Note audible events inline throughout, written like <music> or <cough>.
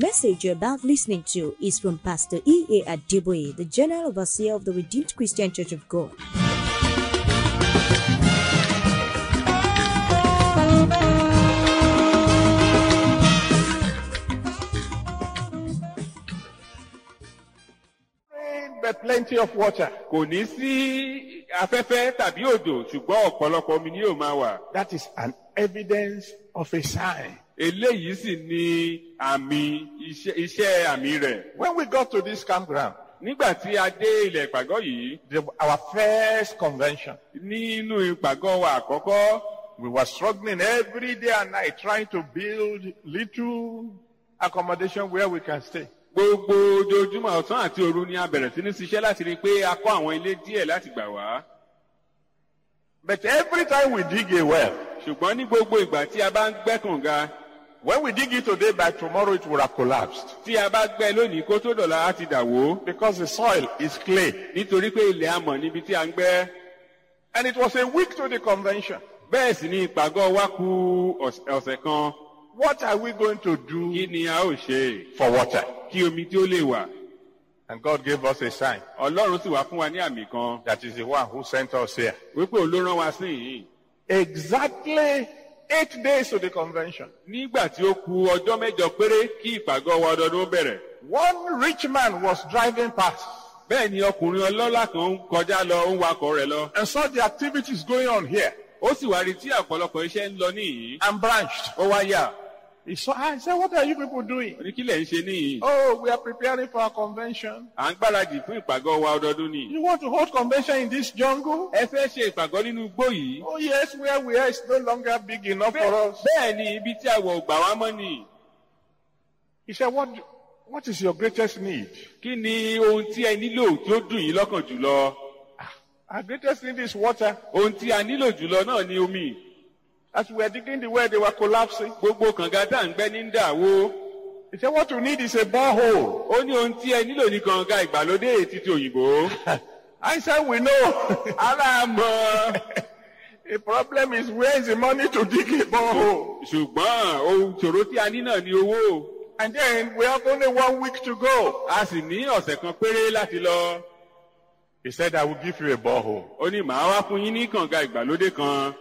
message you're about listening to is from Pastor E.A. Adiboye, the General Overseer of the Redeemed Christian Church of God. But plenty of water. Kò ní sí afẹ́fẹ́ tàbí òdò ṣùgbọ́n ọ̀pọ̀lọpọ̀ omi ni yóò máa wà. That is an evidence of a sign. eléyìí sì ni àmì iṣẹ́ àmì rẹ̀. when we got to this campground. nígbà tí a dé ilẹ̀ ìpàgọ́ yìí. the our first convention. nínú ìpàgọ́ wa àkọ́kọ́. we were struggling every day and night trying to build little accommodation where we can stay. gbogbo ojoojúmọ́ ọ̀sán àti òru ni a bẹ̀rẹ̀ sí ní ṣiṣẹ́ láti rí i pé a kọ́ àwọn ilé díẹ̀ láti gbà wá. but every time we dig a well. ṣùgbọ́n ní gbogbo ìgbà tí a bá ń gbẹ́ When we dig it today, by tomorrow it will have collapsed. Tí a bá gbẹ́ lónìí kó tó dọ̀la á ti dà wó. Because the soil is clay. Nítorí pé ilẹ̀ amọ̀ níbi tí a ń gbẹ́. And it was a week to the convention. Bẹ́ẹ̀ sì ni ìpàgọ́ wa kù ọ̀sẹ̀ kan. What are we going to do? Kí ni a ó ṣe? For water. Kí omi tí ó lè wà. And God gave us a sign. Ọlọ́run sì wá fún wa ní àmì kan. That is the one who sent us here. Wípé òun ló rán wa sí yìí. Exactly eight days to the convention. nígbà tí ó ku ọjọ́ mẹ́jọ péré kí ìpàgọ́ wa ọdọọdún bẹ̀rẹ̀. one rich man was driving past. bẹ́ẹ̀ ni ọkùnrin ọlọ́lá kan ń kọjá lọ ń wakọ̀ rẹ̀ lọ. and saw the activities going on here. ó sì wá rí tí ọ̀pọ̀lọpọ̀ iṣẹ́ ń lọ níyìí. and branched. ó wá yà. So I ah, said, what are you people doing? Oníkí lẹ̀ ń ṣe níyì. Oh, we are preparing for our convention. À ń gbáradì fún ìpàgọ́ wa ọdọọdún ni. You want to hold convention in this jungle? Ẹ fẹ́ ṣe ìpàgọ́ nínú igbó yìí. Oh yes, where we are is no longer big enough for us. Bẹ́ẹ̀ni, ibi tí a wọ̀ gbà wá mọ́ ni. He said, what, what is your greatest need? Kí ni ohun tí ẹ nílò tí ó dùn yín lọ́kàn jùlọ? Ah, our greatest need is water. Ohun tí a nílò jùlọ náà ni omi. As we were digging the well, they were collapsing. Gbogbo kànga tá à ń gbẹ́ ní dàwó. He said, what you need is a borehole. Ó ní ohun tí ẹ nílò ní kànga ìgbàlódé ètí ti òyìnbó. <laughs> I said, we know. Ara <laughs> mọ̀. The problem is where is the money to dig a borehole? Ṣùgbọ́n ohun ṣòro tí a ní náà ni owó. And then we have only one week to go. A sì ní ọ̀sẹ̀ kan péré láti lọ. He said, I will give you a borehole. Ó ní màá wá fún yín ní kànga ìgbàlódé kan.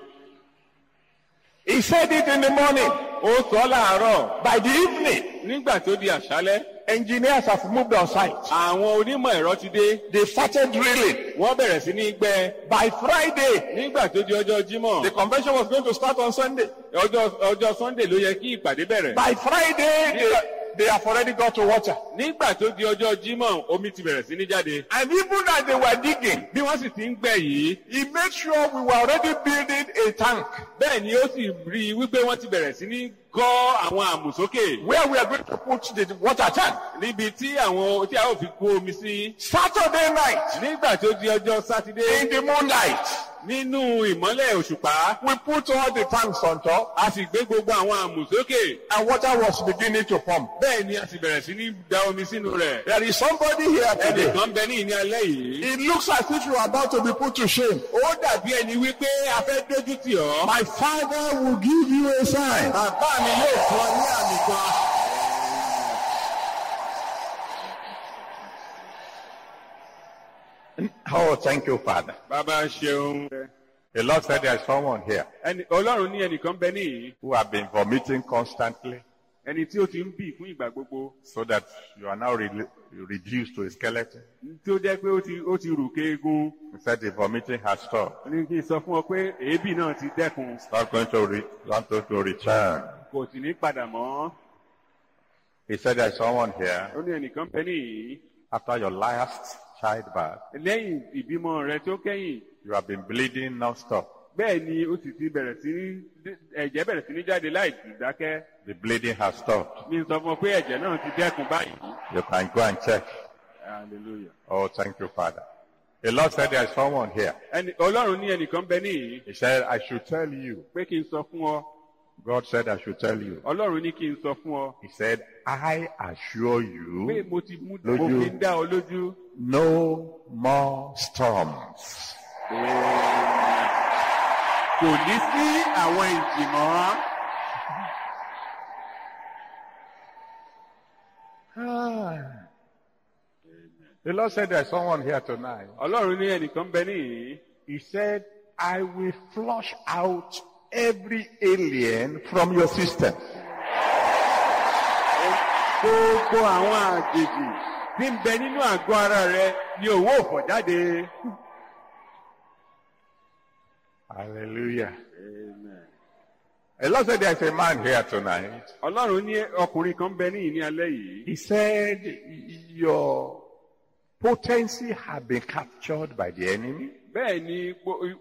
He said it in the morning. Ó sọ láàárọ̀. By the evening. Nígbà tó di àṣálẹ́. Engineers have moved on site. Àwọn onímọ̀ ẹ̀rọ ti dé. They started drilling. Wọ́n bẹ̀rẹ̀ sí ní gbẹ́. By Friday. Nígbà tó di ọjọ́ Jímọ̀. The convention was going to start on Sunday. Ọjọ́ ọjọ́ Sunday ló yẹ kí ìpàdé bẹ̀rẹ̀. By Friday. Nígbà they have already got to water. Nígbà tó di ọjọ́ Jímọ̀, omi ti bẹ̀rẹ̀ sí ní jáde. And even as they were digging. Bí wọ́n sì ti ń gbẹ́ yìí. He made sure we were already building a tank. Bẹ́ẹ̀ ni ó sì rí i wípé wọ́n ti bẹ̀rẹ̀ sí ní gọ́ àwọn àmùsókè. Where we are going to put the water tank. Níbi tí àwọn tí a ó fi kó omi sí. Saturday night. Nígbà tó di ọjọ́ Saturday In the moonlight nínú ìmọ́lẹ̀ òṣùpá. we put all the tanks on top. a sì gbé gbogbo àwọn àmù sókè. and water was beginning to pump. bẹ́ẹ̀ ni a sì bẹ̀rẹ̀ sí ní da omi sínú rẹ̀. there is somebody here today. ẹnìkan bẹ ní ìní alẹ́ yìí. it looks as if you are about to be put to shame. ó dàbí ẹni wípé a fẹ́ dójú tì ọ́. my father will give you a sign. bàbá mi yóò fún ní àmì kan. Oh, thank you, Father. Bàbá ṣeun. The Lord said there is someone here. Ẹni Ọlọ́run ní ẹnìkan bẹ níyìí. Who have been vomiting constantly. Ẹni tí ó ti ń bì fún ìgbà gbogbo. So that you are now re reduced to a skeleton. Tí ó jẹ́ pé ó ti ó ti rù kéegun. He said the vomiting has stopped. Ní kí n sọ fún ọ pé èébì náà ti dẹ́kun. Not going to re not going to return. Kò sì ní padà mọ́. He said there is someone here. Ó ní ẹnìkan bẹ níyìí. After your last. childbirth. You have been bleeding non-stop. The bleeding has stopped. You can go and check. Hallelujah. Oh, thank you, Father. The Lord said there is someone here. He said, I should tell you. God said I should tell you. Ọlọ́run ní kí n sọ fún He said, I assure you. No more storms. Kò ní sí àwọn ah. The Lord said there's someone here tonight. Ọlọ́run ní ẹnìkan bẹ níyìí. He said, I will flush out every alien from your system. Gbogbo àwọn àjèjì tí ń bẹ nínú àgọ́ ara rẹ ni òwò òfò jáde. Hallelujah. Amen. The Lord said is a man here tonight. Ọlọ́run ní ọkùnrin kan bẹ ní ìní alẹ́ yìí. He said your potency had been captured by the enemy bẹ́ẹ̀ ni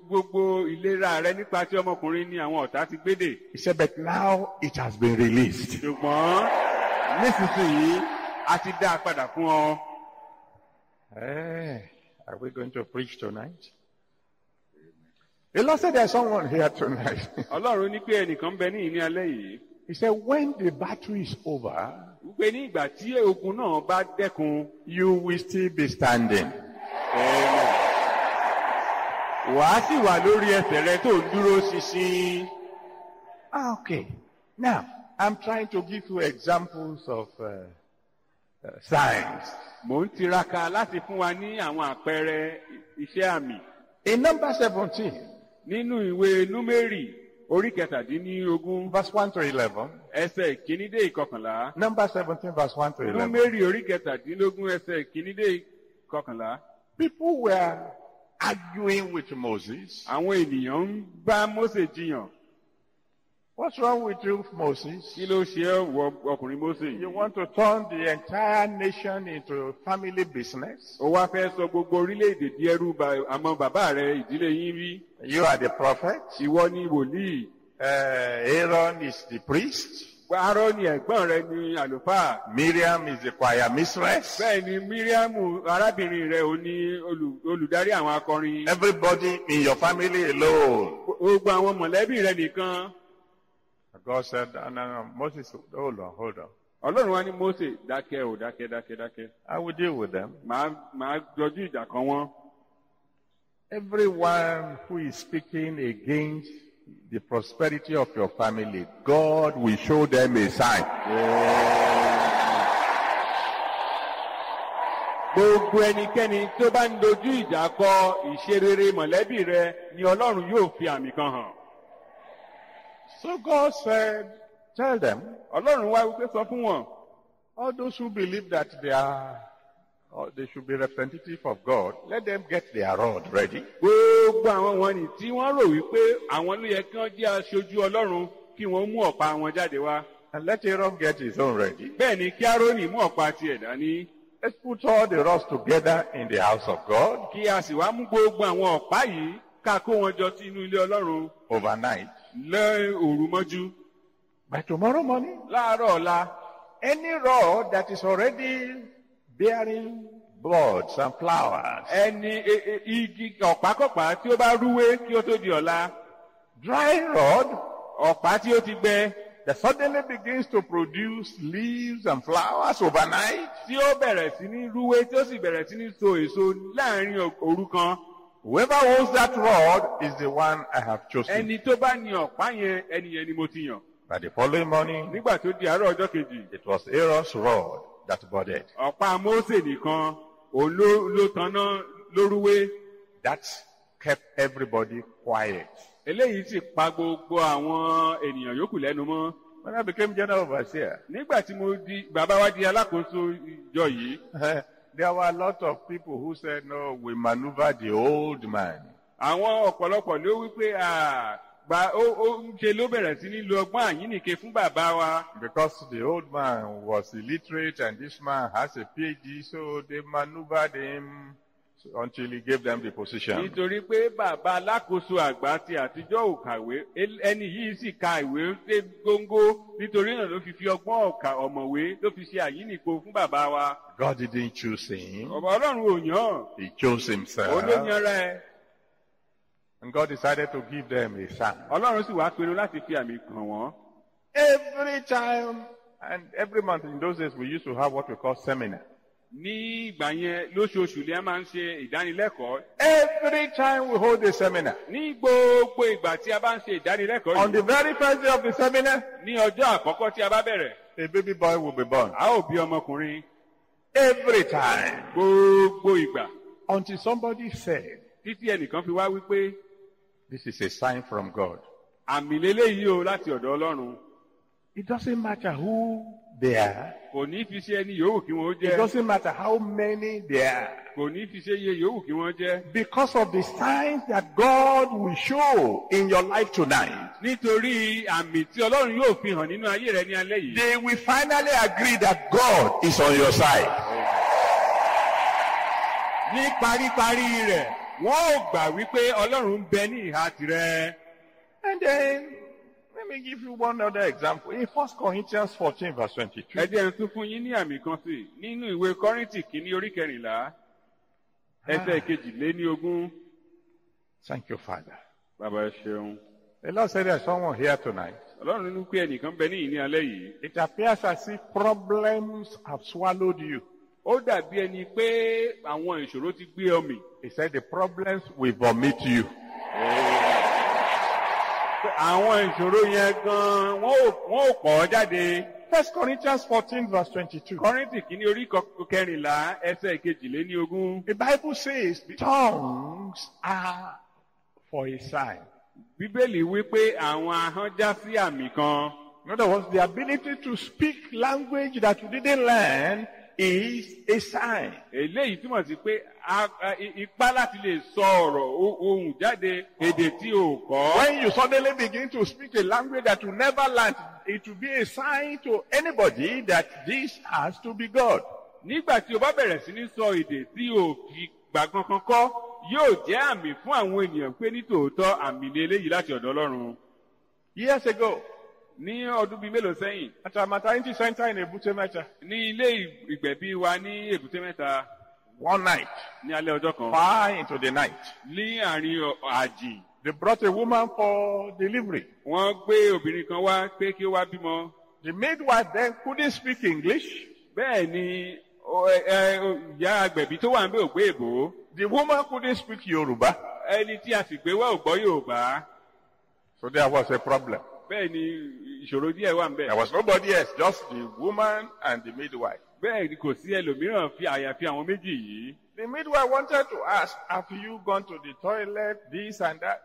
gbogbo ìlera rẹ nípa ti ọmọkùnrin ni àwọn ọ̀tá ti gbédè. he said but now it has been released. ṣùgbọ́n nísinsìnyí a ti dá a padà fún ọ. Eh, are we going to preach tonight? the Lord said there is someone here tonight. <laughs> ọlọ́run ní pé ẹnìkan bẹ ní ìní alẹ́ yìí. he said when the battle is over. wípé ní ìgbà tí ogun náà bá dẹ́kun. you will still be standing. Amen wàá sì wà lórí ẹsẹ̀ rẹ tó dúró ṣinṣin. ah okay now i'm trying to give you examples of uh, uh, signs. mo ń tiraka láti fún wa ní àwọn àpẹẹrẹ iṣẹ́ àmì. in number seventeen. nínú ìwé númérì orí kẹtàdínlógún. verse one to eleven. ẹsẹ̀ ìkíní dé ìkọkànlá. number seventeen verse one to eleven. númérì orí kẹtàdínlógún ẹsẹ̀ ìkíní dé ìkọkànlá. people were. arguing with Moses. Àwọn ènìyàn young. What's wrong with you, Moses? You want to turn the entire nation into family business? You are the prophet. You ni Uh, Aaron is the priest. Aaroni ẹ̀gbọ́n rẹ ni àlùfáà. Miriam is the choir mistress. Bẹ́ẹ̀ni Miriam arábìnrin rẹ̀ ò ní olùdarí àwọn akọrin. Everybody in your family alone. Gbogbo àwọn mọ̀lẹ́bí re nìkan. God said, no, no, no, Moses, hold on, hold on. Ọlọ́run wa ni Mose dákẹ́ ò dákẹ́ dákẹ́ dákẹ́. I will deal with them. Màá màá jọjú ìjà kan wọn. Everyone who is speaking against the prosperity of your family, God will show them a sign. Gbogbo ẹnikẹ́ni tó bá ń dojú ìjà kọ ìṣerere mọ̀lẹ́bí rẹ ni Ọlọ́run yóò fi àmì kan hàn. So God said, tell them. Ọlọ́run wá wípé sọ fún wọn. All those who believe that they are they should be representative of God. Let them get their rod ready. Gbogbo àwọn wọn tí wọ́n rò wípé àwọn ló yẹ kí wọ́n jẹ́ aṣojú Ọlọ́run kí wọ́n mú ọ̀pá wọn jáde wá. And let Aaron get his own ready. Bẹ́ẹ̀ni kí Aaroni mú ọ̀pá tiẹ̀ dání. Let's put all the rods together in the house of God. Kí a sì wá mú gbogbo àwọn ọ̀pá yìí ká kó wọn jọ sí inú ilé Ọlọ́run. Overnight. Lẹ́ òru mọ́jú. By tomorrow morning. Láàárọ̀ ọ̀la. Any rod that is already bearing buds and flowers. ẹni e, e, igi ọ̀pákọ̀pá tí ó bá rúwé kí ó tó di ọ̀la. dry rod. ọ̀pá tí ó ti gbẹ. that suddenly begins to produce leaves and flowers overnight. tí ó bẹ̀rẹ̀ sí ní rúwé tí ó sì bẹ̀rẹ̀ sí ní so èso láàrin òru kan. whoever holds that rod is the one I have chosen. ẹni tó bá ní ọ̀pá yẹn ẹni yẹn ni mo ti yàn. by the following morning. nígbà tó di àárọ̀ ọjọ́ kejì. it was Aaron's rod that budded. ọ̀pá mose nìkan òun ló ló tanná lórúwé. that kept everybody quiet. eléyìí sì pa gbogbo àwọn ènìyàn yòókù lẹ́nu mọ́. when I became general overseer. nígbà tí mo di bàbá wa di alákòóso ìjọ yìí. <laughs> there were a lot of people who said no we maneuver the old man. àwọn ọ̀pọ̀lọpọ̀ ló wí pé ah, gba ó ó ń ṣe ló bẹ̀rẹ̀ sí ní lo ọgbọ́n àyínnìke fún bàbá wa. because the old man was illiterate and this man has a PhD so they maneuvered him until he gave them the position. nítorí pé bàbá alákòóso àgbà ti àtijọ́ ò kàwé ẹni yìí sì ka ìwé dé góńgó nítorí náà ló fi fi ọgbọ́n ọ̀kà ọ̀mọ̀wé ló fi ṣe àyínnìko fún bàbá wa. God didn't choose him. ọ̀bọ̀ ọlọ́run ò yàn. he chose himself. ó ló ẹ. And God decided to give them a sign. Ọlọ́run sì wá pinnu láti fi àmì kàn wọ́n. Every time and every month in those days we used to have what we call seminar. Ní ìgbà yẹn lóṣooṣù ni máa ń ṣe ìdánilẹ́kọ̀ọ́. Every time we hold a seminar. Ní gbogbo ìgbà tí a bá ń ṣe ìdánilẹ́kọ̀ọ́ On the very first day of the seminar. Ní ọjọ́ àkọ́kọ́ tí a bá bẹ̀rẹ̀. A baby boy will be born. A ó bí ọmọkùnrin. Every time. Gbogbo ìgbà. Until somebody said. Títí ẹnìkan fi wá wípé. This is a sign from God. Àmì lélẹ́yìí o láti ọ̀dọ̀ Ọlọ́run. It doesn't matter who they are. Kò ní fi ṣe ẹni yòówù kí wọ́n jẹ́. It doesn't matter how many they are. Kò ní fi ṣe iye yòówù kí wọ́n jẹ́. Because of the signs that God will show in your life tonight. Nítorí àmì tí Ọlọ́run yóò fi hàn nínú ayé rẹ ní alẹ́ yìí. They will finally agree that God is on your side. Ní paríparí rẹ̀ wọ́n ò gbà wípé ọlọ́run ń bẹ ní ìhà tirẹ̀. and then let me give you one other example in first corinthians fourteen verse twenty-two. ẹ jẹ́ tún fún yín ní àmì kan sí i nínú ìwé kọ́rìntì kìíní orí kẹrìnlá ah. ẹsẹ̀ kejì lé ní ogún. thank you father. bàbá ẹ ṣeun. the lord said there is someone here tonight. ọlọ́run nínú pé ẹnìkan bẹ ní ìní alẹ́ yìí. it appears as if problems have swallowed you ó dàbí ẹni pé àwọn ìṣòro ti gbé ọ mì. he said the problems will vomit you. àwọn ìṣòro yẹn gan-an wọ́n ò pọ̀ ọ́ jáde. First Corinthians fourteen verse twenty-two. Kọ́rìntì kìíní orí kẹrìnlá ẹsẹ̀ kejìléní ogún. The Bible says tongues are for a sign. Bíbélì wí pé àwọn ahọ́n já sí àmì kan. In other words, the ability to speak language that you didn't learn is a sign. eléyìí túmọ̀ sí pé ipá láti lè sọ ọ̀rọ̀ ohun jáde èdè tí o kọ́. when you suddenly begin to speak a language that you never learnt it will be a sign to anybody that this has to be God. nígbà tí o bá bẹ̀rẹ̀ sí ní sọ èdè tí o kì gbàgbọ́n kan kọ́ yóò jẹ́ àmì fún àwọn ènìyàn pé nítòótọ́ àmì ni eléyìí láti ọ̀dọ̀ Ọlọ́run. years ago ní ọdún bíi mélòó sẹ́yìn. at our maternity center in Ebute Meta. ní ilé ìgbẹ̀bí wa ní Ebute Meta. one night. ní alẹ́ ọjọ́ kan. far into the night. ní àárín àjì. they brought a woman for delivery. wọ́n gbé obìnrin kan wá pé kí ó wá bímọ. the midwife then couldn't speak English. bẹ́ẹ̀ ni ìyá agbẹ̀bí tó wà ń bẹ̀ ò gbé èbó. the woman couldn't speak Yorùbá. ẹni tí a sì gbé wá ò gbọ́ Yorùbá. so there was a problem bẹ́ẹ̀ ni ìṣòro díẹ̀ wà nbẹ̀. there was nobody else just the woman and the midwife. bẹ́ẹ̀ ni kò sí ẹlòmíràn fi àyàfi àwọn méjì yìí. the midwife wanted to ask have you gone to the toilet this and that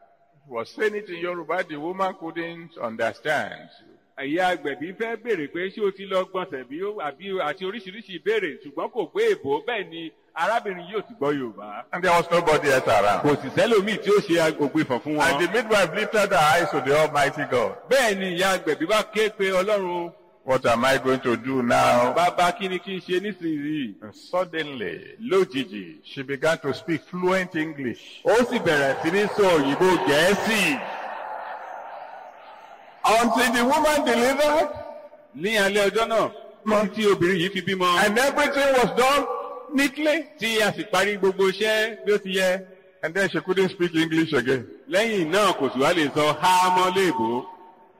he was saying it in Yoruba the woman couldn't understand. Ẹ̀yà agbẹ̀bí fẹ́ béèrè pé ṣé o ti lọ gbọ̀nsẹ̀ bí àti oríṣiríṣi ìbéèrè ṣùgbọ́n kò gbé èbó bẹ́ẹ̀ ni arábìnrin yóò ti gbọ́ yorùbá. and there was nobody else around. kò sì sẹ́lòmíì tí ó ṣe ògbìfọ̀ fún wọn. and the midwife lifted her eyes to the almighty God. bẹ́ẹ̀ ni ìyá agbẹ̀bí bá ké pe ọlọ́run. what am I going to do now? bàbá kí ni kí n ṣe nísìnyìí. suddenly. lójijì. she began to speak fluent English. ó sì bẹ̀rẹ̀ sí ní sọ òyìnbó gẹ̀ẹ́sì. until the woman delivered. ní alẹ́ ọjọ́ náà. títí obìnrin yìí fi bímọ. and everything was done neatly tí a sì parí gbogbo iṣẹ́ bí ó ti yẹ. and then she couldn't speak English again. lẹ́yìn náà kò sì wá lè sọ ha mọ́ léèbó.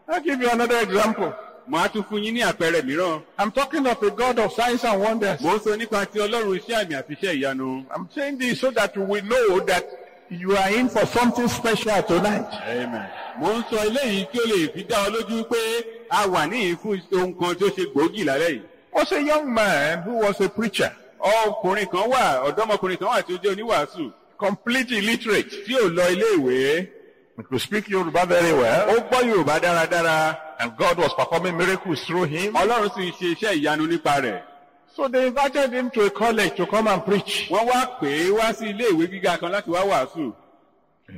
I give you another example. Mo á tún fún yín ní àpẹẹrẹ mìíràn. I'm talking of a God of Science and wonders. Mo sọ nípa ti Ọlọ́run iṣẹ́ àmì àti iṣẹ́ ìyanu. I'm saying this so that we know that you are in for something special tonight. Amen. Mo ń sọ eléyìí kí o lè fi dá ọ lójú pé a wà níyìí fún ohun kan tó ṣe gbòógì lálẹ́ yìí. Was a young man who was a preacher ọkùnrin kan wà ọ̀dọ́mọkùnrin kan wà tí ó jẹ́ oníwàásù completely illiterate tí ò lọ ilé ìwé. He could speak Yoruba very well. Ó gbọ́ Yorùbá dáradára. And God was performing miracles through him. Ọlọ́run sì ṣe iṣẹ́ ìyanu nípa rẹ̀. So they invited him to a college to come and preach. Wọ́n wá pè é wá sí ilé ìwé gíga kan láti wá wàásù.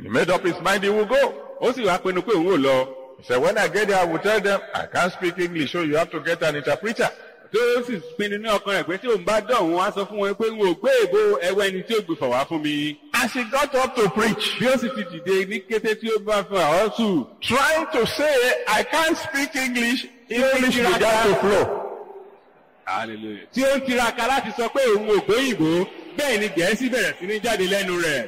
He made up his mind he would go. Ó sì wá pinnu pé òun ò lọ. He said when I get there I will tell them I can't speak English so you have to get an interpreter tó sì pinnu ní ọkàn rẹ̀ pé tí òun bá dọ̀hún á sọ fún wọn pé n ò gbé èbó ẹwọ́ ẹni tí ó gbé fà fún mi. As he got up to preach. Bí ó sì ti dìde ní kété tí ó bá fún àwọn sùn. Trying to say I can't speak English, English without to flow. Hallelujah. Tí ó ń tiraka láti sọ pé òun ò gbóyìnbó, bẹ́ẹ̀ ni Gẹ̀ẹ́sì bẹ̀rẹ̀ sí ní jáde lẹ́nu rẹ̀.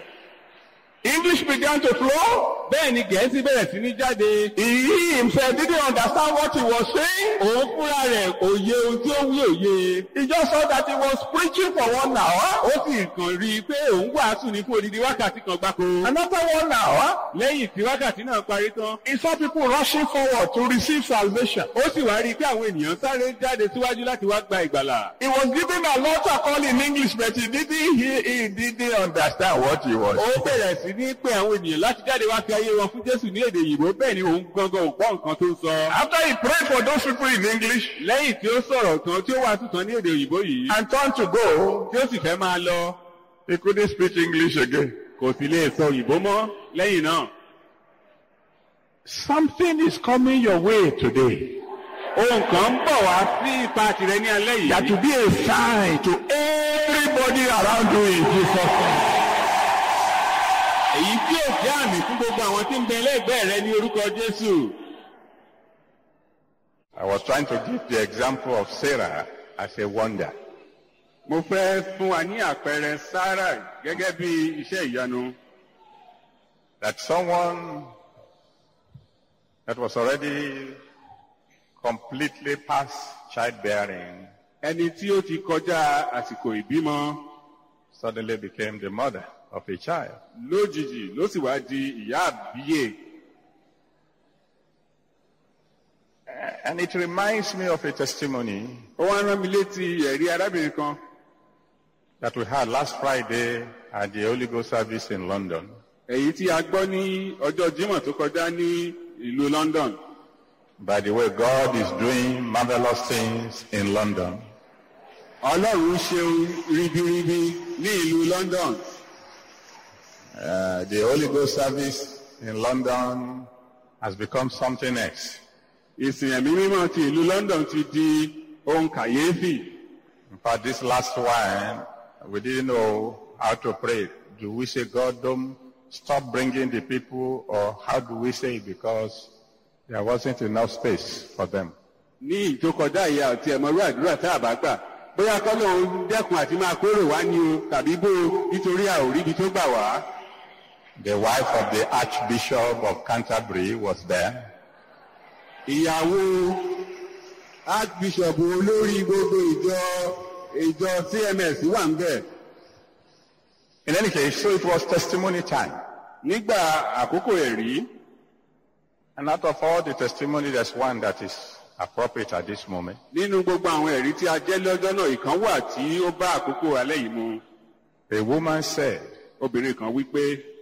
English began to flow. Bẹ́ẹ̀ ni Gẹ̀ẹ́sì bẹ̀rẹ̀ sí ní jáde. He himself didn't understand what he was saying. Òun fúnra rẹ̀ kò ohun tí ó wí òye. He just saw that he was preaching for one hour. Ó sì kàn rí i pé òun wàásù ní fún odidi wákàtí kan gbáko. Another one hour. Lẹ́yìn tí wákàtí náà parí tán. He saw people rushing forward to receive salvation. Ó sì wá rí i pé àwọn ènìyàn sáré jáde síwájú láti wá gba ìgbàlà. He was given a lot of call in English but he didn't hear he didn't understand what he was. Ó bẹ̀rẹ̀ sí sí ń àwọn ènìyàn láti jáde wá fi ayé wọn fún Jésù ní èdè Ìgbò bẹ́ẹ̀ ni òun gangan ò gbọ́ nǹkan tó ń sọ. After he prayed for those people in English. Lẹ́yìn tí ó sọ̀rọ̀ tán tí ó wá tuntun ní èdè Ìgbò yìí. And turn to go. Tí ó sì fẹ́ máa lọ. He couldn't speak English again. Kò sì lè sọ Ìgbò mọ́ lẹ́yìn náà. Something is coming your way today. Ohun kan ń bọ̀ wá sí ipa tirẹ̀ ní alẹ́ yìí. That will be a sign to everybody around you in Jesus' name jẹ́ àmì fún gbogbo àwọn tí ń bẹ lẹ́gbẹ̀ẹ́ rẹ ní orúkọ Jésù. I was trying to give the example of Sarah as a wonder. Mo fẹ́ fún wa ní àpẹẹrẹ Sarah gẹ́gẹ́ bí iṣẹ́ ìyanu. That someone that was already completely past childbearing. Ẹni tí ó ti kọjá àsìkò ìbímọ. Suddenly became the mother of a child. lójijì ló sì wá di ìyá àbíyè. and it reminds me of a testimony. ó wá rán mi létí ẹ̀rí arábìnrin kan. that we had last Friday at the Holy Ghost service in London. èyí tí a gbọ́ ní ọjọ́ jimoh tó kọjá ní ìlú London. By the way, God is doing marvelous things in London. Ọlọ́run ṣeun ribiribi ní ìlú London. Uh, the Holy Ghost service in London has become something else. Ìsìn ẹ̀mí mímọ́ ti ìlú London ti di ohun kàyéfì. For this last one, we didn't know how to pray. Do we say, God, don't stop bringing the people, or how do we say it? Because there wasn't enough space for them. Ní ìjókòjá ìyá àti ẹ̀mọ́rú àdúrà tá a bá gbà, bóyá kọ́lọ́ ń dẹ́kun àti máa kórè wá ni o, tàbí bó o, nítorí a ò tó gbà wá. The wife of the Archbishop of Canterbury was there. Ìyàwó Archbishop olórí gbogbo ìjọ ìjọ CMS wà ń bẹ̀. In any case, so it was testimony time. Nígbà àkókò ẹ̀rí. And out of all the testimony, there's one that is appropriate at this moment. Nínú gbogbo àwọn ẹ̀rí tí a jẹ́ lọ́jọ́ náà, ìkan wà tí ó bá àkókò alẹ́ yìí mu. A woman said. Obìnrin kan wí pé.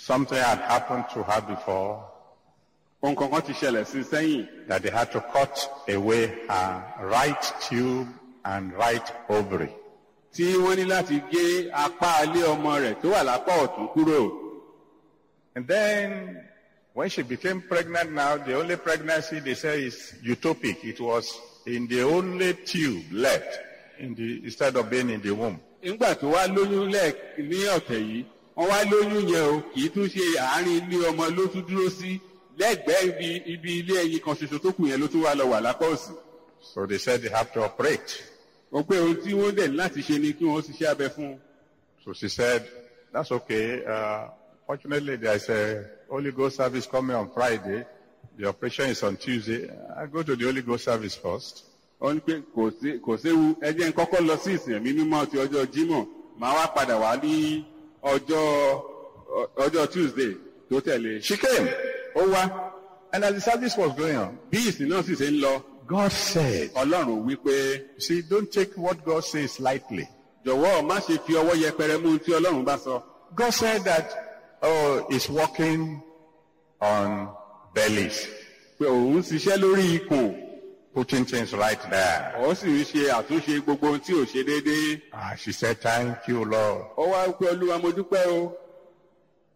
Something had happened to her before. Nǹkan kan ti ṣẹlẹ̀ sí sẹ́yìn. That they had to cut away her right tube and right ovary. Tí wọ́n ní láti gé apá ilé ọmọ rẹ̀ tó wà lápá ọ̀tún kúrò. And then when she became pregnant now, the only pregnancy they say is utopic. It was in the only tube left in the, instead of being in the womb. Nígbà tó wá lóyún lẹ́ẹ̀ ní ọ̀tẹ̀ yìí wọ́n wá lóyún yẹn o kì í tún ṣe àárín ilé ọmọ ló tún dúró sí lẹ́gbẹ̀ẹ́ ibi ibi ilé ẹyin kan ṣoṣo tó kù yẹn ló tún wá lọ wà lápá òsì. so they said they have to operate. ó pé ohun tí wọ́n dẹ̀ láti ṣe ni kí wọ́n ṣiṣẹ́ abẹ fún un. so she said that's okay uh, fortunately there is a holy ghost service coming on friday the operation is on tuesday i go to the holy ghost service first. ó ní pé kò séwu ẹ jẹ́ kọ́kọ́ lọ sí ìsìn mímọ́ ti ọjọ́ jímọ̀ màá wá padà wá ní ọjọ́ ọjọ́ Tuesday tó tẹ̀lé she came ó wá and as the service was going on bí ìsìn náà sì ṣe ń lọ God said Ọlọ́run wípé see don't take what God says lightly jọ̀wọ́ má ṣe fi ọwọ́ yẹpẹrẹ mú tí Ọlọ́run bá sọ. God said that oh, he's working on bellies. pé òun ṣiṣẹ́ lórí ikùn putting things right there. Ó sì ń ṣe àtúnṣe gbogbo ohun tí ò ṣe déédéé. Ah, she said, thank you, Lord. Ó wá pé Olúwa mo dúpẹ́ o.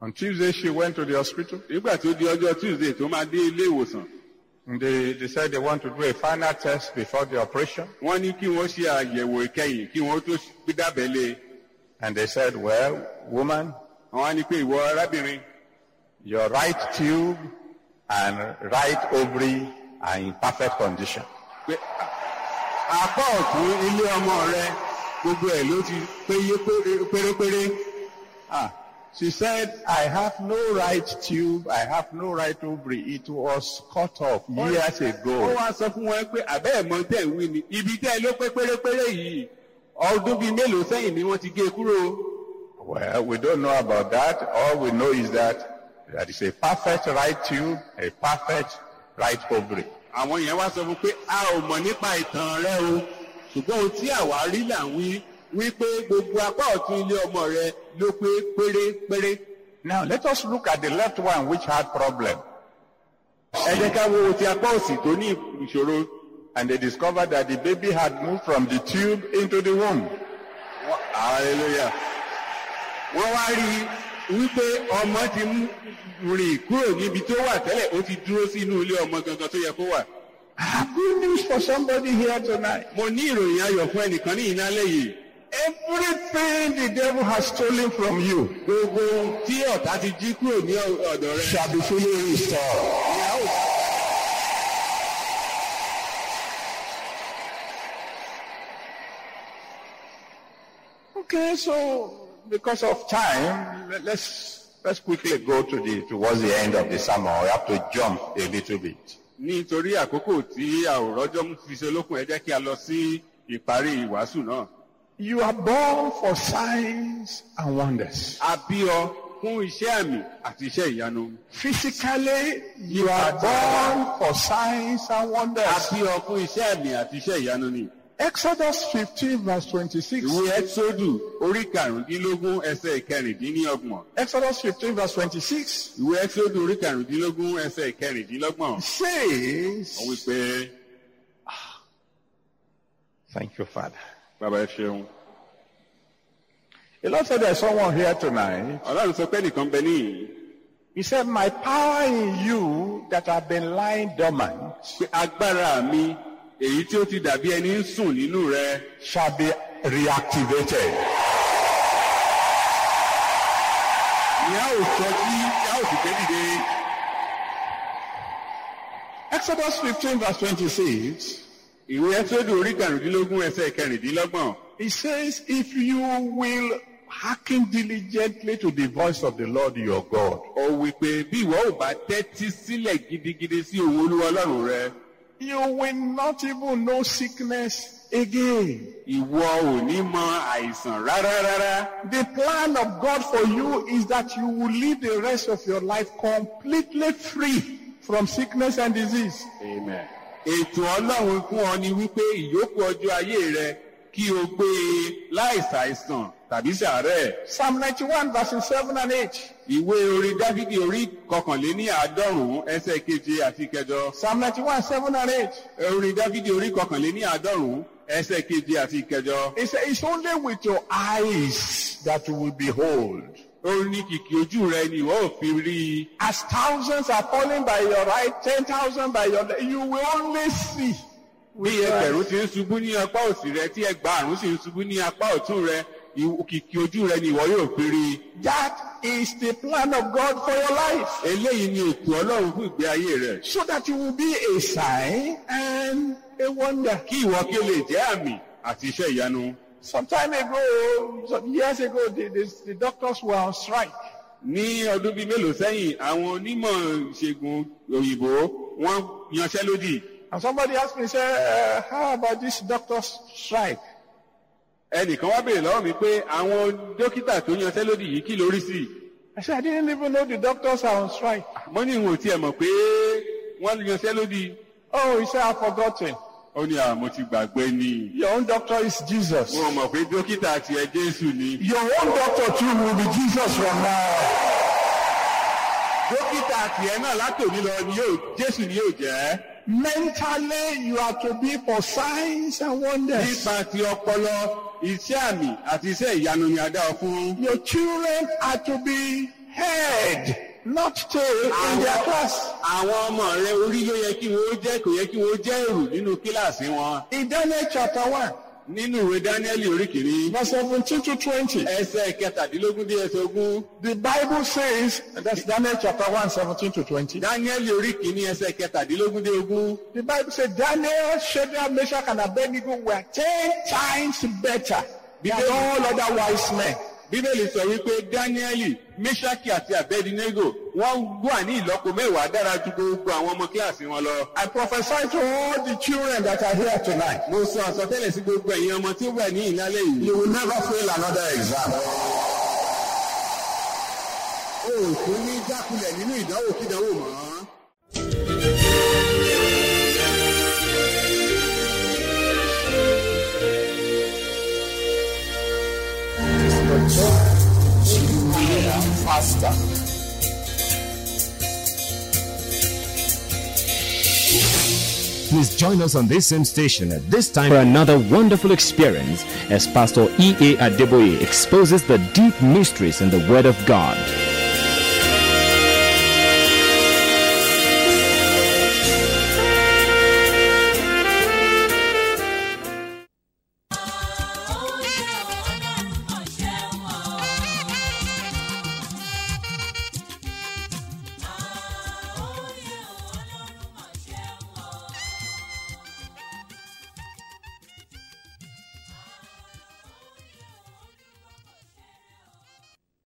On Tuesday she went to the hospital. Nígbà tó di ọjọ́ Tuesday tó máa dé ilé ìwòsàn. They, they said they want to do a final test before the operation. Wọ́n ní kí wọ́n ṣe àyẹ̀wò ìkẹyìn kí wọ́n tó gbídàbẹ̀lẹ̀. And they said, well, woman. Àwọn á ní pé ìwọ arábìnrin. Your right tube and right ovary are in perfect condition. pé apá ilé ọmọ rẹ gbogbo ẹ̀ ló ti péye pérépéré. ah she said I have no right tube I have no right ovary it was cut off years ago. ó wá sọ fún wọn pé àbẹ́ ẹ̀ tẹ̀ ń wí ni ibi tẹ́ ló pé pérépéré yìí ọdún bíi mélòó sẹ́yìn ni wọ́n ti gé e kúrò. Well, we don't know about that. All we know is that that is a perfect right tube, a perfect right ovary àwọn yẹn wá sọ fún pé a ò mọ̀ nípa ìtàn rẹ o ṣùgbọ́n ohun tí àwa là ń wí wípé gbogbo apá ọ̀tún ilé ọmọ rẹ ló pé pérépéré. Now let us look at the left one which had problem. Ẹ jẹ́ ká wo ti apá òsì tó ní ìṣòro and they discovered that the baby had moved from the tube into the womb. Hallelujah. Wọ́n wá rí i. wípé ọmọ ti rìn kúrò níbi tó wà tẹ́lẹ̀ ó ti dúró sínú ilé ọmọ gangan tó yẹ kó wà. I ah, have good news for somebody here tonight. Mo ní ìròyìn ayọ̀ fún ẹnìkan ní ìnálẹ̀ yìí. Everything the devil has stolen from you. Gbogbo ohun tí ọ̀tá ti jí kúrò ní ọ̀dọ̀ rẹ. Shall be fully Okay, so because of time, let's, let's quickly go to the, towards the end of the summer. We have to jump a little bit. Nítorí àkókò tí àwòrọ́jọ́ fi ṣe lókun ẹ jẹ́ kí a lọ sí ìparí ìwàásù náà. You are born for signs and wonders. A bí ọ fún iṣẹ́ àmì àti iṣẹ́ ìyanu. Physically, you are born for signs and wonders. A bí ọ fún iṣẹ́ àmì àti iṣẹ́ ìyanu ni. Exodus fifteen verse twenty-six. Ìwé Ẹ́sódù orí karùndínlógún ẹsẹ̀ ìkẹrìndínlọ́gbọ̀n. Exodus fifteen verse twenty-six. Ìwé Ẹ́sódù orí karùndínlógún ẹsẹ̀ ìkẹrìndínlọ́gbọ̀n. Says. Ó wí pé. Ah, thank you, Father. Bàbá ẹ ṣeun. The Lord "There is someone here tonight. Ọlọ́run sọ pé nìkan bẹ níyìí. He said, My power in you that have been lying dormant. Pé agbára mi èyí tí ó ti dàbí ẹni ń sùn nínú rẹ. shall be reactivated. ni a ò sọ sí a ò sì gbé Exodus fifteen verse twenty-six. Ìwé Ẹ́sọ́dù orí karùndínlógún kẹrìndínlọ́gbọ̀n. He says if you will hearken diligently to the voice of the Lord your God. Ó wí pé bí ìwọ ò bá tẹ́tí sílẹ̀ gidigidi sí òun Olúwa Ọlọ́run rẹ. You will not even know sickness again. Ìwọ ò ní mọ àìsàn rárá rárá. The plan of God for you is that you will live the rest of your life completely free from sickness and disease. Amen. Ètò Ọlọ́run fún ọ ni wípé ìyókù ọjọ́ ayé rẹ kí o gbé e láìsàìsàn tàbí sàárẹ̀. psalm ninety one verse seven and eight. ìwé orin dávidi orí kọkànléní àádọ́rùn-ún ẹsẹ̀ keje àti kẹjọ. psalm ninety one seven and eight. orin dávidi orí kọkànléní àádọ́rùn-ún ẹsẹ̀ keje àti kẹjọ. he said it's only with your eyes that you will behold. ó ní kìkì ojú rẹ ni ìwọ ò rí as thousands are falling by your right ten thousand by your left you will only see. bí ẹgbẹ̀rún ti ń ṣubú ní apá òsì rẹ tí ẹgbàárún sì ń ṣubú ní apá ọ̀tún rẹ òkìkí ojú rẹ ni ìwọ yóò péré. that is the plan of God for your life. eléyìí ni ètò ọlọ́run fún ìgbé ayé rẹ. so that you will be a sign and a wonder. kí ìwọ kí o lè jẹ́ àmì àti iṣẹ́ ìyanu. some time ago some years ago the, the, the doctors were on strike. ní ọdún bíi mélòó sẹ́yìn àwọn onímọ̀ ìṣègùn òyìnbó wọ́n yanṣẹ́lódì. and somebody ask me say uh, how about this doctor's strike ẹnìkan wá béèrè lọ́wọ́ mi pé àwọn dókítà tó yanṣẹ́lódì yìí kí lórí sí i. said I didn't even know the doctors are on strike. mo ní ìwọ̀n tí ẹ mọ̀ pé wọ́n yanṣẹ́lódì. Oh, he said I forgotten. ó ní àwọn mo ti gbàgbé ni. Your own doctor is Jesus. mo mọ̀ pé dókítà tiẹ̀ Jésù ni. Your own doctor too will be Jesus from now. dókítà tiẹ̀ náà látòní lọ ni yóò Jésù ni yóò jẹ́. Mentally, you are to be for signs and wonders. Nípa ti ọpọlọ, Iṣẹ́ àmì àti iṣẹ́ ìyanu ni a dá ọ fún. Your children are to be head not tail in their class. Àwọn ọmọ rẹ orí ló yẹ kí wọ́n jẹ́ kò yẹ kí wọ́n jẹ́ èrò nínú kíláàsì wọn. In Daniel chapter one. Nínú ìwé Dáníẹ́lì orí Verse seventeen to twenty. Ẹsẹ̀ kẹtàdínlógún dé ẹsẹ̀ ogún. The Bible says that's Daniel chapter one seventeen to twenty. Dáníẹ́lì orí kìíní ẹsẹ̀ kẹtàdínlógún dé ogún. The Bible says Daniel, Shadrach, Meshach and Abednego were ten times better than all other wise men bíbélì sọ wípé dáníẹ́lì meshaki àti abednego wọ́n wà ní ìlọ́po mẹ́wàá dára ju gbogbo àwọn ọmọ kíláàsì wọn lọ. I prophesy to all the children that are here tonight. mo sọ àsọtẹ́lẹ̀ sí gbogbo ẹ̀yin ọmọ tí ó wà ní ìlálẹ́ yìí. you will never fail another exam. o kò ní dákulẹ̀ nínú ìdánwò kídánwò mọ́. Please join us on this same station at this time for another wonderful experience as Pastor E.A. Adeboye exposes the deep mysteries in the Word of God.